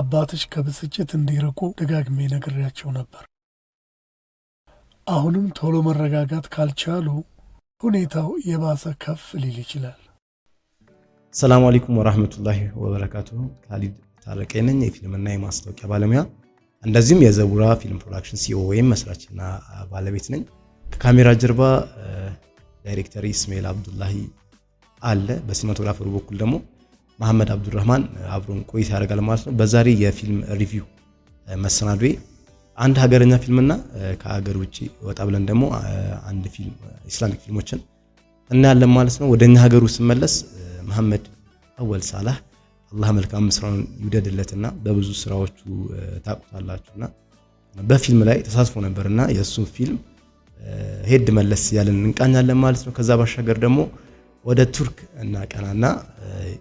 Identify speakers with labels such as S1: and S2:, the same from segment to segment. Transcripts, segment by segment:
S1: አባትሽ ከብስጭት እንዲርቁ ደጋግሜ ነግሬያቸው ነበር። አሁንም ቶሎ መረጋጋት ካልቻሉ ሁኔታው የባሰ ከፍ ሊል ይችላል።
S2: ሰላም አለይኩም ወራህመቱላሂ ወበረካቱ። ካሊድ ታረቀ ነኝ፣ የፊልምና የማስታወቂያ ባለሙያ እንደዚሁም የዘቡራ ፊልም ፕሮዳክሽን ሲኦ ወይም መስራችና ባለቤት ነኝ። ከካሜራ ጀርባ ዳይሬክተር ኢስማኤል አብዱላሂ አለ። በሲኒማቶግራፈሩ በኩል ደግሞ መሐመድ አብዱራህማን አብሮን ቆይታ ያደርጋል ማለት ነው። በዛሬ የፊልም ሪቪው መሰናዶዬ አንድ ሀገርኛ ፊልምና ከሀገር ውጭ ወጣ ብለን ደግሞ አንድ ፊልም ኢስላሚክ ፊልሞችን እናያለን ማለት ነው። ወደ እኛ ሀገሩ ስመለስ መሐመድ አወል ሳላህ አላህ መልካም ስራውን ይውደድለትና በብዙ ስራዎቹ ታውቁታላችሁና በፊልም ላይ ተሳትፎ ነበርና የእሱ ፊልም ሄድ መለስ ያለን እንቃኛለን ማለት ነው። ከዛ ባሻገር ደግሞ ወደ ቱርክ እናቀናና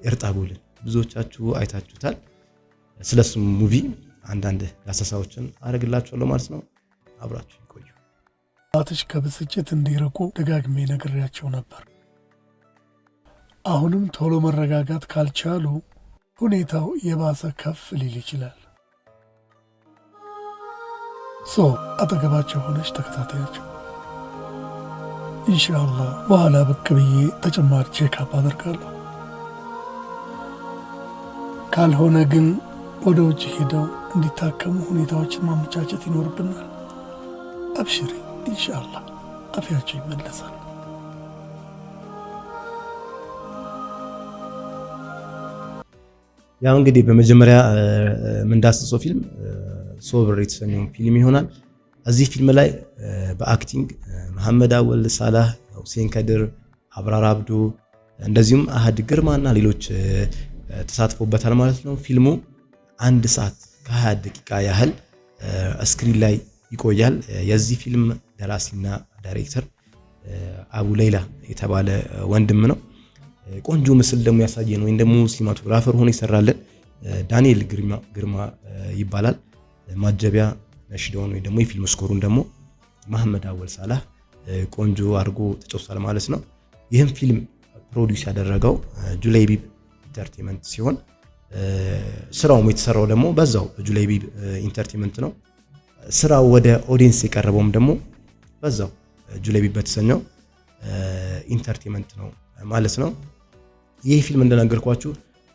S2: እርጣጉልን ብዙዎቻችሁ አይታችሁታል። ስለሱም ሙቪ አንዳንድ ዳሰሳዎችን አደርግላችኋለሁ ማለት ነው። አብራችሁ ይቆዩ።
S1: እናትሽ ከብስጭት እንዲርቁ ደጋግሜ ነግሬያቸው ነበር። አሁንም ቶሎ መረጋጋት ካልቻሉ ሁኔታው የባሰ ከፍ ሊል ይችላል። ሶ አጠገባቸው ሆነች ተከታታያቸው ኢንሻአላ በኋላ ብቅ ብዬ ተጨማሪ ቼካፕ አደርጋለሁ። ካልሆነ ግን ወደ ውጭ ሄደው እንዲታከሙ ሁኔታዎችን ማመቻቸት ይኖርብናል። አብሽሪ ኢንሻአላ አፍያቸው ይመለሳል።
S2: ያው እንግዲህ በመጀመሪያ የምንዳስሰው ፊልም ሶብር የተሰኘውን ፊልም ይሆናል። እዚህ ፊልም ላይ በአክቲንግ መሐመድ አወል ሳላህ፣ ሁሴን ከድር፣ አብራር አብዱ እንደዚሁም አህድ ግርማና ሌሎች ተሳትፎበታል ማለት ነው። ፊልሙ አንድ ሰዓት ከ20 ደቂቃ ያህል ስክሪን ላይ ይቆያል። የዚህ ፊልም ደራሲና ዳይሬክተር አቡ ሌይላ የተባለ ወንድም ነው። ቆንጆ ምስል ደግሞ ነው ወይም ደግሞ ሲኒማቶግራፈር ሆኖ ይሰራለን ዳንኤል ግርማ ይባላል። ማጀቢያ ነሽዶን ወይ ደግሞ የፊልም ስኮሩን ደግሞ መሐመድ አወል ሳላህ ቆንጆ አድርጎ ተጫውቷል ማለት ነው። ይህም ፊልም ፕሮዲውስ ያደረገው ጁላይ ቢብ ኢንተርቴንመንት ሲሆን ስራውም የተሰራው ደግሞ በዛው ቢብ ኢንተርቴንመንት ነው። ስራው ወደ ኦዲየንስ የቀረበውም ደግሞ በዛው ጁላይ ቢብ በተሰኘው ኢንተርቴንመንት ነው ማለት ነው። ይህ ፊልም እንደነገርኳችሁ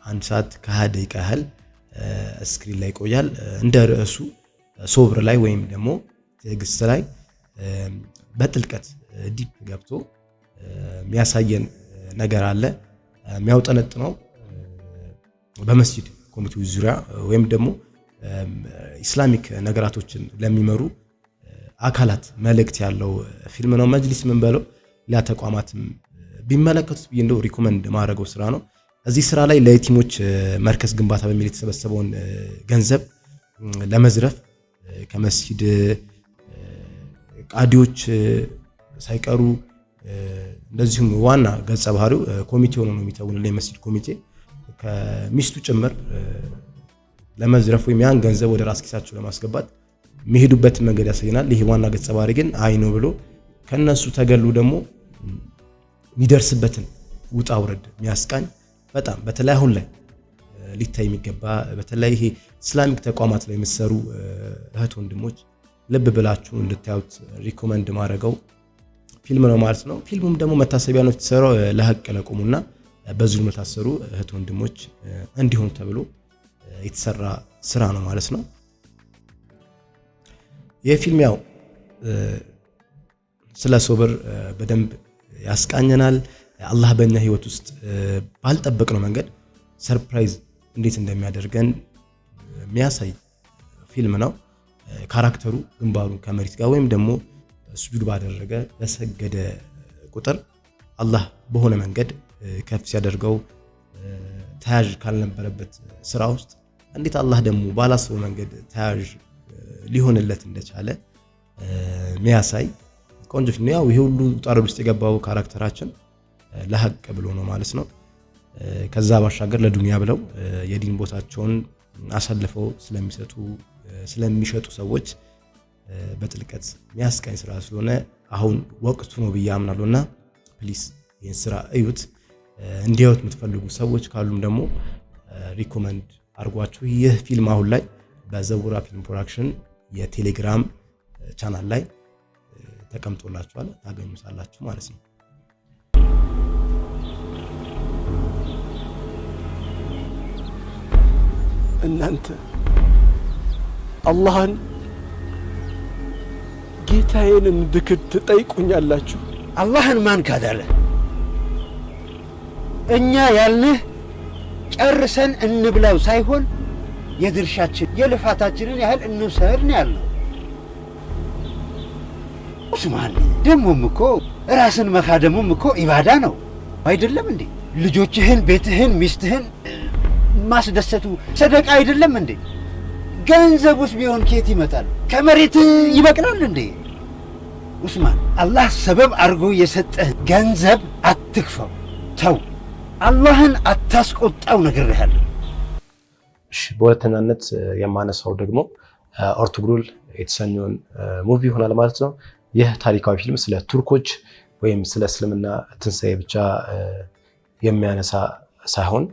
S2: አንድ ሰዓት ከሃያ ደቂቃ ያህል ስክሪን ላይ ይቆያል። እንደ ርዕሱ ሶብር ላይ ወይም ደግሞ ትዕግስት ላይ በጥልቀት ዲፕ ገብቶ የሚያሳየን ነገር አለ። የሚያውጠነጥነው በመስጂድ ኮሚቴው ዙሪያ ወይም ደግሞ ኢስላሚክ ነገራቶችን ለሚመሩ አካላት መልእክት ያለው ፊልም ነው። መጅሊስ ምን በለው ሌላ ተቋማትም ቢመለከቱት ብዬ እንደው ሪኮመንድ ማድረገው ስራ ነው። እዚህ ስራ ላይ ለየቲሞች መርከዝ ግንባታ በሚል የተሰበሰበውን ገንዘብ ለመዝረፍ ከመስጊድ ቃዲዎች ሳይቀሩ እንደዚሁም ዋና ገጸ ባህሪው ኮሚቴ ሆኖ ነው የሚተውንልን። የመስጊድ ኮሚቴ ከሚስቱ ጭምር ለመዝረፍ ወይም ያን ገንዘብ ወደ ራስ ኪሳቸው ለማስገባት የሚሄዱበትን መንገድ ያሳየናል። ይህ ዋና ገጸ ባህሪ ግን አይ ነው ብሎ ከነሱ ተገሉ ደግሞ የሚደርስበትን ውጣ ውረድ የሚያስቃኝ በጣም በተለይ አሁን ላይ ሊታይ የሚገባ በተለይ ይሄ ኢስላሚክ ተቋማት ላይ የሚሰሩ እህት ወንድሞች ልብ ብላችሁ እንድታዩት ሪኮመንድ ማድረገው ፊልም ነው ማለት ነው። ፊልሙም ደግሞ መታሰቢያ ነው የተሰራው ለሀቅ ለቁሙና በዙልም ለታሰሩ እህት ወንድሞች እንዲሆኑ ተብሎ የተሰራ ስራ ነው ማለት ነው። ይህ ፊልም ያው ስለ ሶብር በደንብ ያስቃኘናል። አላህ በእኛ ህይወት ውስጥ ባልጠበቅነው መንገድ ሰርፕራይዝ እንዴት እንደሚያደርገን የሚያሳይ ፊልም ነው። ካራክተሩ ግንባሩን ከመሬት ጋር ወይም ደግሞ ስጁድ ባደረገ በሰገደ ቁጥር አላህ በሆነ መንገድ ከፍ ሲያደርገው ተያዥ ካልነበረበት ስራ ውስጥ እንዴት አላህ ደግሞ ባላሰበው መንገድ ተያዥ ሊሆንለት እንደቻለ ሚያሳይ ቆንጆ ፊልም። ያው ይሄ ሁሉ ውጣ ውስጥ የገባው ካራክተራችን ለሀቅ ብሎ ነው ማለት ነው። ከዛ ባሻገር ለዱንያ ብለው የዲን ቦታቸውን አሳልፈው ስለሚሰጡ ስለሚሸጡ ሰዎች በጥልቀት የሚያስቀኝ ስራ ስለሆነ አሁን ወቅቱ ነው ብዬ አምናለሁ እና ፕሊስ ይህን ስራ እዩት። እንዲያዩት የምትፈልጉ ሰዎች ካሉም ደግሞ ሪኮመንድ አድርጓችሁ ይህ ፊልም አሁን ላይ በዘቡራ ፊልም ፕሮዳክሽን የቴሌግራም ቻናል ላይ ተቀምጦላችኋል፣ ታገኙታላችሁ ማለት ነው።
S1: እናንተ አላህን ጌታዬን እንድክድ ትጠይቁኛላችሁ?
S3: አላህን ማን ካዳለ? እኛ ያልንህ ጨርሰን እንብላው ሳይሆን የድርሻችን የልፋታችንን ያህል እንውሰድ ነው ስማል ደግሞም እኮ ራስን መካደሙም እኮ ኢባዳ ነው አይደለም እንዴ? ልጆችህን፣ ቤትህን፣ ሚስትህን ማስደሰቱ ሰደቃ አይደለም እንዴ? ገንዘቡስ ቢሆን ከየት ይመጣል? ከመሬት ይበቅላል እንዴ? ኡስማን፣ አላህ ሰበብ አድርጎ የሰጠህ ገንዘብ አትክፈው፣ ተው። አላህን አታስቆጣው ነገር ያለ።
S2: በሁለተኛነት የማነሳው ደግሞ አርቱግሩል የተሰኘውን ሙቪ ይሆናል ማለት ነው። ይህ ታሪካዊ ፊልም ስለ ቱርኮች ወይም ስለ እስልምና ትንሳኤ ብቻ የሚያነሳ ሳይሆን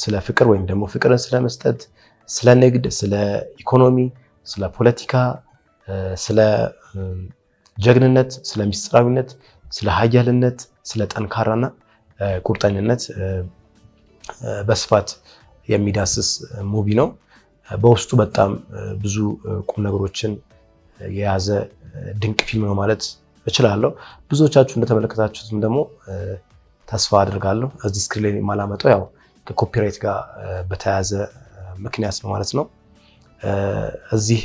S2: ስለ ፍቅር ወይም ደግሞ ፍቅርን ስለ መስጠት፣ ስለ ንግድ፣ ስለ ኢኮኖሚ፣ ስለ ፖለቲካ፣ ስለ ጀግንነት፣ ስለ ሚስጥራዊነት፣ ስለ ሀያልነት፣ ስለ ጠንካራና ቁርጠኝነት በስፋት የሚዳስስ ሙቪ ነው። በውስጡ በጣም ብዙ ቁም ነገሮችን የያዘ ድንቅ ፊልም ነው ማለት እችላለሁ። ብዙዎቻችሁ እንደተመለከታችሁትም ደግሞ ተስፋ አድርጋለሁ። እዚህ ስክሪን ላይ ማላመጠው ያው ከኮፒራይት ጋር በተያያዘ ምክንያት ነው ማለት ነው። እዚህ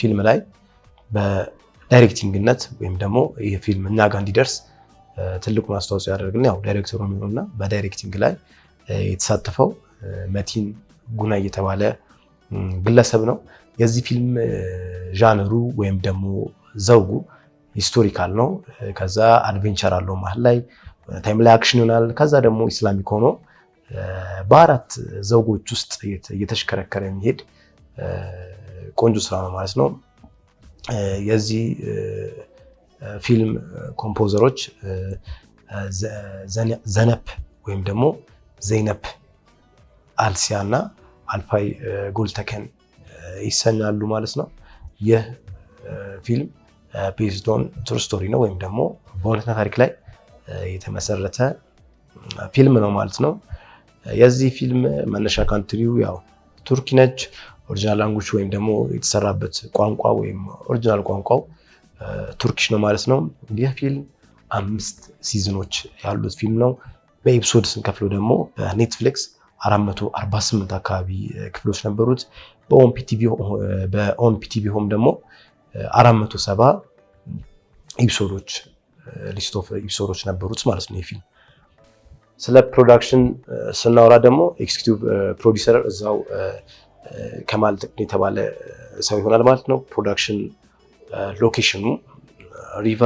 S2: ፊልም ላይ በዳይሬክቲንግነት ወይም ደግሞ ይህ ፊልም እኛ ጋር እንዲደርስ ትልቁን አስተዋጽኦ ያደርግና ያው ዳይሬክተሩ የሚሆንና በዳይሬክቲንግ ላይ የተሳተፈው መቲን ጉና እየተባለ ግለሰብ ነው። የዚህ ፊልም ዣንሩ ወይም ደግሞ ዘውጉ ሂስቶሪካል ነው። ከዛ አድቬንቸር አለው መሀል ላይ ታይም ላይ አክሽን ይሆናል። ከዛ ደግሞ ኢስላሚክ ሆኖ በአራት ዘውጎች ውስጥ እየተሽከረከረ የሚሄድ ቆንጆ ስራ ነው ማለት ነው። የዚህ ፊልም ኮምፖዘሮች ዘነፕ ወይም ደግሞ ዘይነፕ አልሲያ እና አልፓይ ጎልተከን ይሰኛሉ ማለት ነው። ይህ ፊልም ቤዝድ ቱርስቶሪ ትሩ ስቶሪ ነው ወይም ደግሞ በእውነተኛ ታሪክ ላይ የተመሰረተ ፊልም ነው ማለት ነው። የዚህ ፊልም መነሻ ካንትሪው ያው ቱርኪ ነች። ኦሪጂናል ላንጉጅ ወይም ደግሞ የተሰራበት ቋንቋ ወይም ኦሪጂናል ቋንቋው ቱርኪሽ ነው ማለት ነው። ይህ ፊልም አምስት ሲዝኖች ያሉት ፊልም ነው። በኤፒሶድ ስንከፍለው ደግሞ በኔትፍሊክስ 448 አካባቢ ክፍሎች ነበሩት። በኦን ፒቲቪ ሆም ደግሞ 470 ኤፒሶዶች ሊስት ኦፍ ኤፒሶዶች ነበሩት ማለት ነው ይህ ፊልም ስለ ፕሮዳክሽን ስናወራ ደግሞ ኤክስኪዩቲቭ ፕሮዲሰር እዛው ከማል ጥቅም የተባለ ሰው ይሆናል ማለት ነው። ፕሮዳክሽን ሎኬሽኑ ሪቫ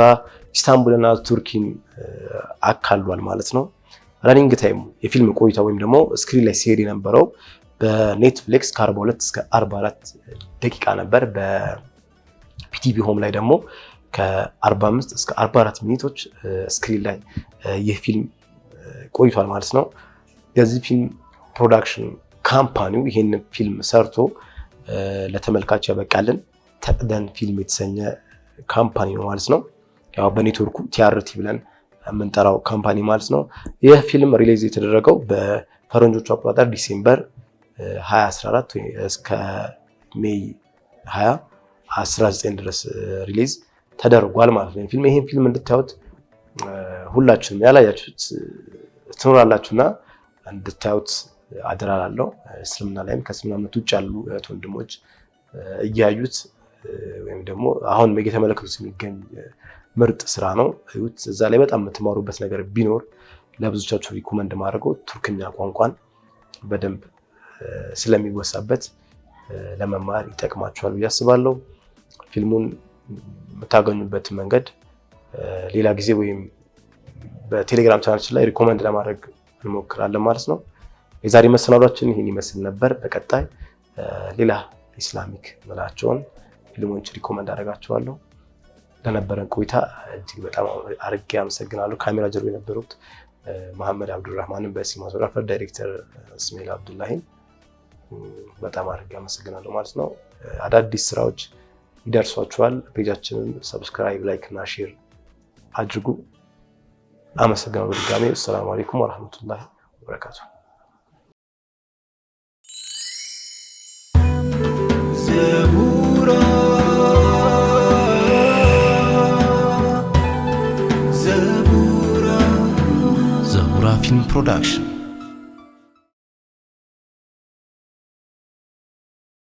S2: ኢስታንቡልና ቱርኪን አካሏል ማለት ነው። ረኒንግ ታይሙ የፊልም ቆይታ ወይም ደግሞ ስክሪን ላይ ሲሄድ የነበረው በኔትፍሊክስ ከ42 እስከ 44 ደቂቃ ነበር። በፒቲቪ ሆም ላይ ደግሞ ከ45 እስከ 44 ሚኒቶች ስክሪን ላይ ፊልም ቆይቷል ማለት ነው። የዚህ ፊልም ፕሮዳክሽን ካምፓኒው ይህን ፊልም ሰርቶ ለተመልካች ያበቃልን ተቅደን ፊልም የተሰኘ ካምፓኒ ነው ማለት ነው። ያው በኔትወርኩ ቲአርቲ ብለን የምንጠራው ካምፓኒ ማለት ነው። ይህ ፊልም ሪሊዝ የተደረገው በፈረንጆቹ አቆጣጠር ዲሴምበር 2014 እስከ ሜይ 20 19 ድረስ ሪሊዝ ተደርጓል ማለት ነው። ፊልም ይህን ፊልም እንድታዩት ሁላችሁም ያላያችሁት ትኖራላችሁና እንድታዩት አደራ እስልምና ላይም ከእስልምና እምነት ውጭ ያሉ እህት ወንድሞች እያዩት ወይም ደግሞ አሁን እየተመለከቱት የሚገኝ ምርጥ ስራ ነው። እዩት። እዛ ላይ በጣም የምትማሩበት ነገር ቢኖር ለብዙቻችሁ ሪኮመንድ ማድረገው ቱርክኛ ቋንቋን በደንብ ስለሚወሳበት ለመማር ይጠቅማችኋል ብዬ አስባለሁ። ፊልሙን የምታገኙበት መንገድ ሌላ ጊዜ ወይም በቴሌግራም ቻናላችን ላይ ሪኮመንድ ለማድረግ እንሞክራለን ማለት ነው። የዛሬ መሰናዷችን ይህን ይመስል ነበር። በቀጣይ ሌላ ኢስላሚክ ምላቸውን ፊልሞች ሪኮመንድ አደርጋቸዋለሁ። ለነበረን ቆይታ እጅግ በጣም አርጌ አመሰግናለሁ። ካሜራ ጀርባ የነበሩት መሐመድ አብዱራህማንን በሲኒማቶግራፈር ዳይሬክተር እስሜል አብዱላሂን በጣም አድርጌ አመሰግናለሁ ማለት ነው። አዳዲስ ስራዎች ይደርሷችኋል። ፔጃችንን ሰብስክራይብ፣ ላይክ እና ሼር አድርጉ። አመሰግናለሁ በድጋሜ። አሰላሙ አለይኩም ወረህመቱላሂ ወበረካቱ። ዘቡራ ፊልም ፕሮዳክሽን